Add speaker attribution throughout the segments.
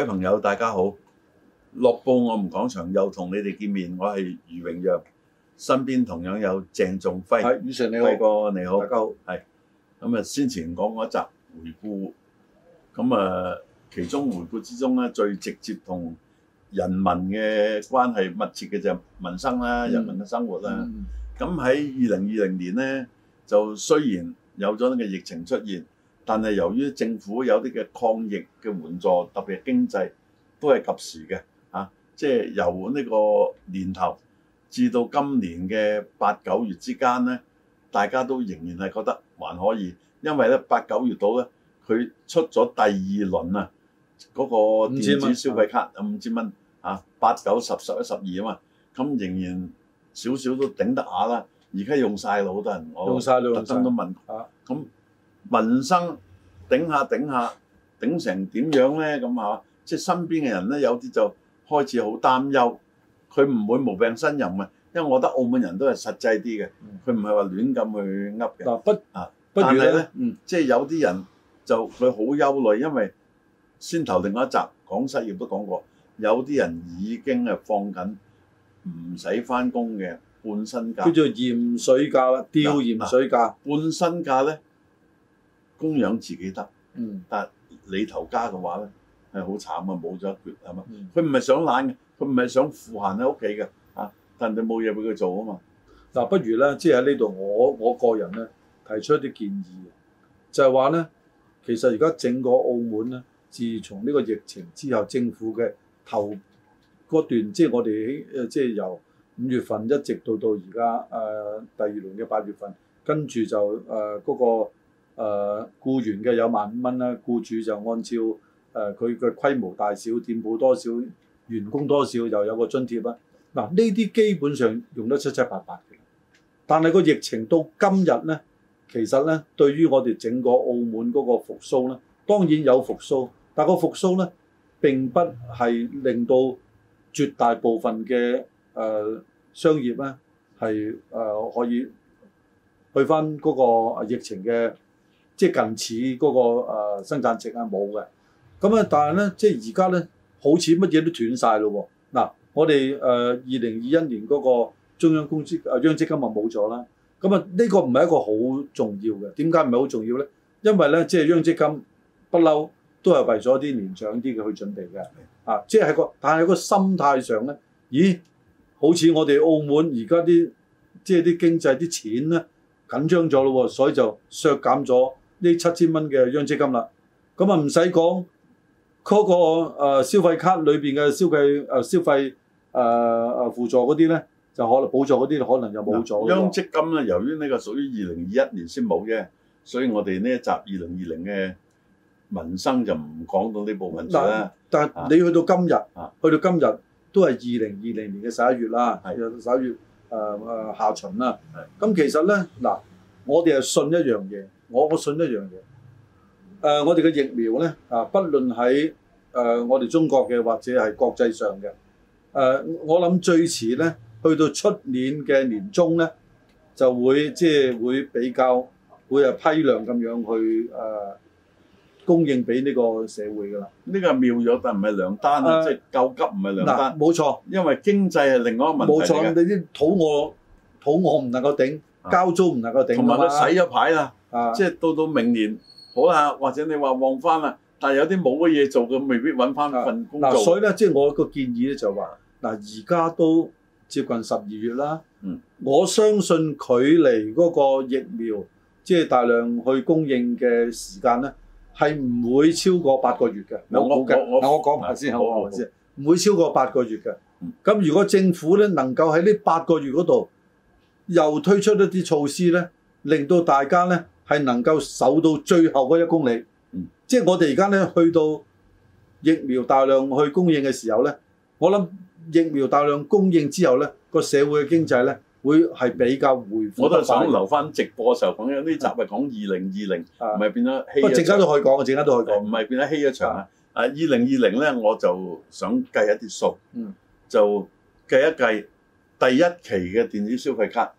Speaker 1: 各位朋友，大家好！樂報我們講場，又同你哋見面，我係余永揚，身邊同樣有鄭仲輝。係，余 成你好，大哥你好，大家好。係，咁、嗯、啊，先前講嗰集回顧，咁、嗯、啊，嗯、其中回顧之中咧，最直接同人民嘅關係密切嘅就係民生啦，人民嘅生活啦。咁喺二零二零年咧，就雖然有咗呢個疫情出現。但係由於政府有啲嘅抗疫嘅援助，特別係經濟都係及時嘅，啊，即係由呢個年頭至到今年嘅八九月之間咧，大家都仍然係覺得還可以，因為咧八九月度咧佢出咗第二輪啊，嗰、那個電子消費卡有五千蚊，啊，啊，八九十十一十二啊嘛，咁、啊、仍然少少都頂得下啦。而家用晒啦，好多人我特登都問，咁、啊。啊民生頂下頂下頂成點樣咧？咁啊，即係身邊嘅人咧，有啲就開始好擔憂。佢唔會無病呻吟啊，因為我覺得澳門人都係實際啲嘅，佢唔係話亂咁去噏嘅。嗱不啊，不如咧，嗯，即係有啲人就佢好憂慮，因為先頭另外一集講失業都講過，有啲人已經係放緊唔使翻工嘅半薪假。叫做
Speaker 2: 鹽水假啦，吊鹽水
Speaker 1: 假，半薪假咧。供養自己得，但係你頭家嘅話咧係好慘啊，冇咗一橛係嘛，佢唔係想懶嘅，
Speaker 2: 佢唔係想賦閒喺屋企嘅嚇，但係你冇嘢俾佢做啊嘛。嗱，不如咧，即係喺呢度，我我個人咧提出一啲建議，就係話咧，其實而家整個澳門咧，自從呢個疫情之後，政府嘅頭嗰段，即係我哋喺誒，即係由五月份一直到到而家誒第二輪嘅八月份，跟住就誒嗰個。誒、呃、僱員嘅有萬五蚊啦，僱主就按照誒佢嘅規模大小、店鋪多少、員工多少，就有個津貼啦。嗱、啊，呢啲基本上用得七七八八嘅。但係個疫情到今日咧，其實咧對於我哋整個澳門嗰個復甦咧，當然有復甦，但係個復甦咧並不係令到絕大部分嘅誒、呃、商業咧係誒可以去翻嗰個疫情嘅。即係近似嗰個誒生產值啊，冇嘅。咁啊，但係咧，即係而家咧，好似乜嘢都斷晒咯喎。嗱，我哋誒二零二一年嗰個中央公積誒央積金啊冇咗啦。咁啊，呢個唔係一個好重要嘅。點解唔係好重要咧？因為咧，即係央積金不嬲都係為咗啲年長啲嘅去準備嘅。啊，即係喺個但係個心態上咧，咦？好似我哋澳門而家啲即係啲經濟啲錢咧緊張咗咯喎，所以就削減咗。呢七千蚊嘅央積金啦，咁啊唔使講嗰個、呃、消費卡裏邊嘅消費誒消費誒誒輔助嗰啲咧，就可能補助嗰啲可能就冇咗。央積金咧，
Speaker 1: 由於呢個屬於二零二一年先冇嘅，所以我哋呢集二零二零嘅
Speaker 2: 民生就唔講到呢部分問題啦。但係你去到今日、啊、去到今日，去到今日都係二零二零年嘅十一月啦，十一是月誒誒下旬啦。咁、呃、是其實咧嗱，我哋係信一樣嘢，我我信一樣嘢，誒，我哋嘅疫苗咧啊，不論喺誒我哋中國嘅或者係國際上嘅，誒，我諗最遲咧，去到出年嘅年中咧，就會即係會比較會係批量咁樣去誒供應俾呢個社會㗎啦。呢個係妙藥，但係唔係良丹啊，即係救急唔係良丹。嗱，冇錯，因為經濟係另外一個問題。冇錯，你啲肚餓，肚餓唔能夠頂，交租唔能夠頂，同埋佢洗咗牌
Speaker 1: 啦。啊！即係到到明年好啦、啊，或者你話望翻啊，但係有啲冇乜嘢做嘅，未必揾翻份工做、啊啊。所以
Speaker 2: 咧，即係我個建議咧，就話嗱，而家都接近十二月啦。嗯，我相信距離嗰個疫苗即係大量去供應嘅時間咧，係唔會超過八個月嘅、嗯。我我下我，嗱我講下先，我講下先，唔會超過八個月嘅。嗯，咁如果政府咧能夠喺呢八個月嗰度又推出一啲措施咧，令到大家咧～係能夠守到最後嗰一公里，嗯、即係我哋而家咧去到疫苗大量去供應嘅時候咧，我諗疫苗大量供應之後咧，個社會嘅經濟咧會係比較回復。我都係想留
Speaker 1: 翻直播嘅時候講的呢集，係講二零二零，唔係變咗。不過陣間都可以講，陣間都可以講，唔係變咗稀一場的啊！啊，二零二零咧，我就想計一啲數，嗯、就計一計第一期嘅電子消費卡。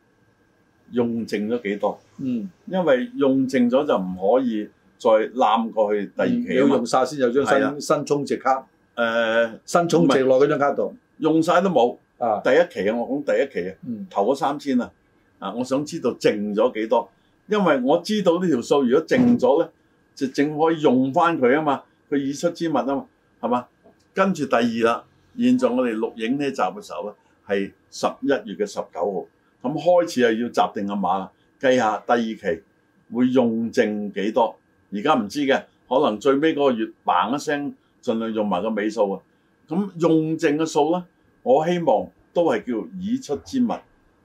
Speaker 1: 用剩咗幾多？嗯，因為用剩咗就唔可以再攬過去第二期，要、嗯、用晒先有張新、啊、新，新充值卡。誒、呃，新充值落嗰、嗯、張卡度，用晒都冇。啊，第一期啊，我講第一期啊，投咗、嗯、三千啊。啊，我想知道剩咗幾多？因為我知道呢條數，如果剩咗咧，嗯、就淨可以用翻佢啊嘛，佢已出之物啊嘛，係嘛？跟住第二啦，現在我哋錄影呢集嘅時候咧，係十一月嘅十九號。是咁開始係要集定個碼，計下第二期會用剩幾多？而家唔知嘅，可能最尾嗰個月嘭一聲，盡量用埋個尾數啊！咁、嗯嗯、用剩嘅數咧，我希望都係叫以出之物，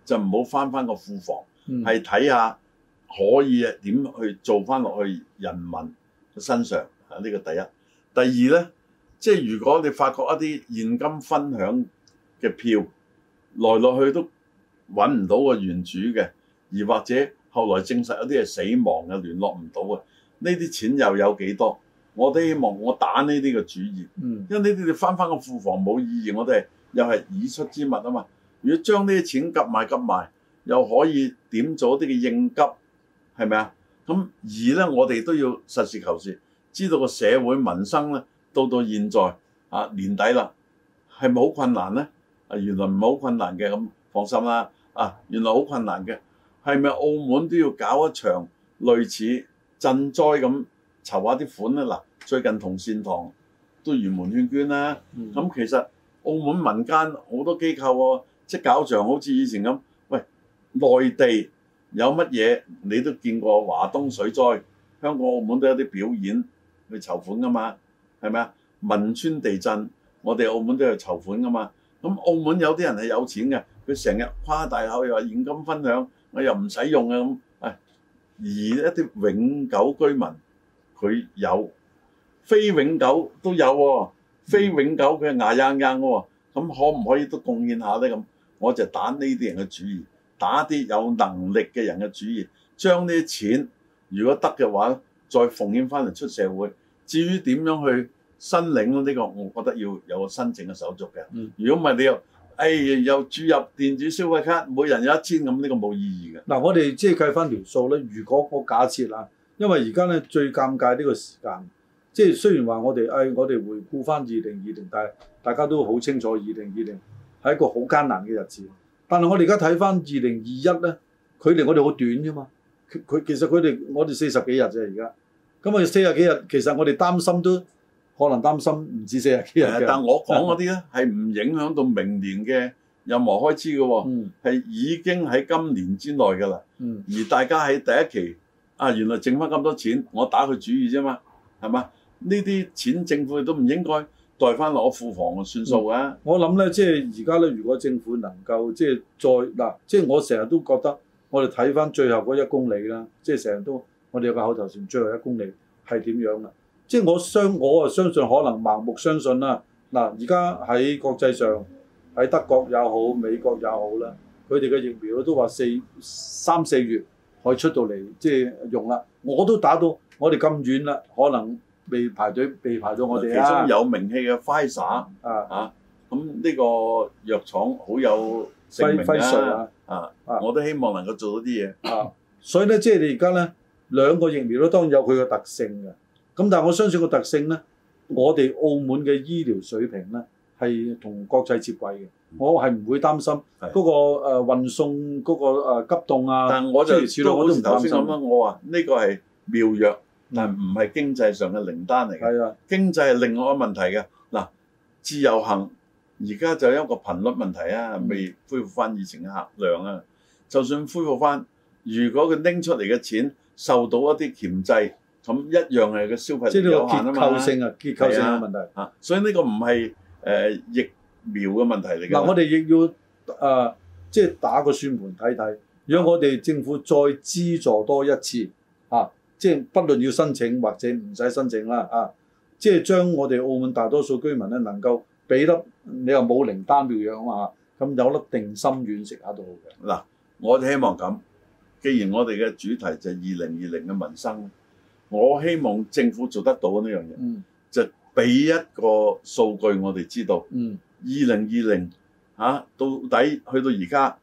Speaker 1: 就唔好翻翻個庫房，係睇、嗯、下可以點去做翻落去人民嘅身上啊！呢、這個第一，第二咧，即係如果你發覺一啲現金分享嘅票來落去都～揾唔到個原主嘅，而或者後來證實有啲係死亡嘅，聯絡唔到嘅，呢啲錢又有幾多？我都希望我打呢啲嘅主意，嗯、因為呢啲你翻翻個庫房冇意義。我哋又係已出之物啊嘛。如果將呢啲錢夾埋夾埋，又可以點咗啲嘅應急，係咪啊？咁而咧，我哋都要實事求是，知道個社會民生咧，到到現在啊年底啦，係咪好困難咧？啊原來唔係好困難嘅，咁放心啦。啊，原來好困難嘅，係咪澳門都要搞一場類似賑災咁籌下啲款咧？嗱，最近同善堂都圓滿勸捐啦，咁、嗯、其實澳門民間好多機構喎、哦，即係搞場好似以前咁，喂，內地有乜嘢你都見過，華東水災，香港澳門都有啲表演去籌款噶嘛，係咪啊？汶川地震，我哋澳門都有籌款噶嘛，咁澳門有啲人係有錢嘅。佢成日誇大口又話現金分享，我又唔使用啊咁、哎，而一啲永久居民佢有，非永久都有喎、哦，非永久佢係牙硬硬喎，咁、嗯、可唔可以都貢獻下咧咁？我就打呢啲人嘅主意，打啲有能力嘅人嘅主意，將呢啲錢，如果得嘅話，再奉獻翻嚟出社會。至於點樣去申領呢、呢個，我覺得要有申請嘅手續嘅。嗯，如果唔
Speaker 2: 係你要……誒、哎、又注入電子消費卡，每人有一千，咁呢個冇意義嘅。嗱，我哋即係計翻條數咧。如果我假設啊，因為而家咧最尷尬呢個時間，即係雖然話我哋誒、哎，我哋回顧翻二零二零，但係大家都好清楚二零二零係一個好艱難嘅日子。但係我哋而家睇翻二零二一咧，距離我哋好短啫嘛。佢其實佢哋我哋四十幾日啫，而家咁我哋四十幾日，其實我哋擔心都。可能擔心唔止四十幾日，但我講嗰啲咧係唔影響到
Speaker 1: 明年嘅任何開支嘅喎，係、嗯、已經喺今年之內㗎啦。嗯、而大家喺第一期啊，原來剩翻咁多錢，我打佢主意啫嘛，係嘛？
Speaker 2: 呢啲錢政府都唔應該代翻攞庫房算數㗎、嗯。我諗咧，即係而家咧，如果政府能夠即係再嗱，即係我成日都覺得，我哋睇翻最後嗰一公里啦，即係成日都我哋有個口頭禪，最後一公里係點樣啦？即係我相我啊，相信可能盲目相信啦。嗱，而家喺國際上，喺德國也好，美國也好啦，佢哋嘅疫苗都話四三四月可以出到嚟，即係用啦。我都打到我哋咁遠啦，可能未排隊，未排到我哋、啊啊、其中有名氣嘅 Pfizer 咁呢個藥廠好有聲名啊，啊，啊，我都希望能夠做到啲嘢啊，所以咧，即係你而家咧兩個疫苗都當然有佢嘅特性嘅。咁但係我相信個特性咧，我哋澳門嘅醫療水平咧係同國際接軌嘅，我係唔會擔心嗰個誒運送嗰個誒急凍啊。但我就始終我都唔擔心。頭先咁樣，
Speaker 1: 我話呢個係妙藥，但唔係經濟上嘅靈丹嚟嘅。係啊，經濟係另外一個問題嘅嗱。自由行而家就一個頻率問題啊，未恢復翻以前嘅客量啊。就算恢復翻，如果佢拎出嚟嘅錢受到一啲鉗制。咁一樣係個消費力有限啊嘛，即係呢個結構性嘅問題，係啊，所以呢個唔係誒疫苗嘅問題
Speaker 2: 嚟嘅。嗱，我哋亦要誒，即係打個算盤睇睇，如果我哋政府再資助多一次嚇，即係不論要申請或者唔使申請啦啊，即係將我哋澳門大多數居民咧能夠俾得你又冇靈丹妙藥啊嘛，咁有粒定心丸食下都好嘅。嗱，我哋希望咁，
Speaker 1: 既然我哋嘅主題就係二零二零嘅民生。我希望政府做得到呢樣嘢，嗯、就俾一個數據我哋知道。二零二零嚇，到底去到而家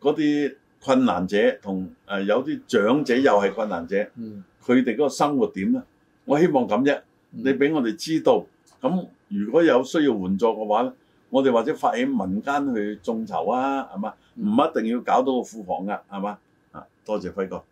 Speaker 1: 嗰啲困難者同誒、呃、有啲長者又係困難者，佢哋嗰個生活點咧？我希望咁啫，你俾我哋知道。咁、嗯、如果有需要援助嘅話咧，我哋或者發起民間去眾籌啊，係嘛？唔、嗯、一定要搞到個庫房㗎，啊，係嘛？啊，多謝輝哥。